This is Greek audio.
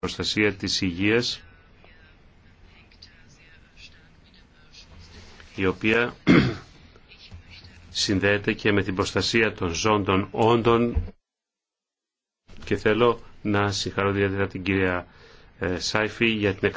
προστασία της υγείας η οποία συνδέεται και με την προστασία των ζώων των όντων και θέλω να συγχαρώ ιδιαίτερα την κυρία ε, Σάιφη για την εκθέση.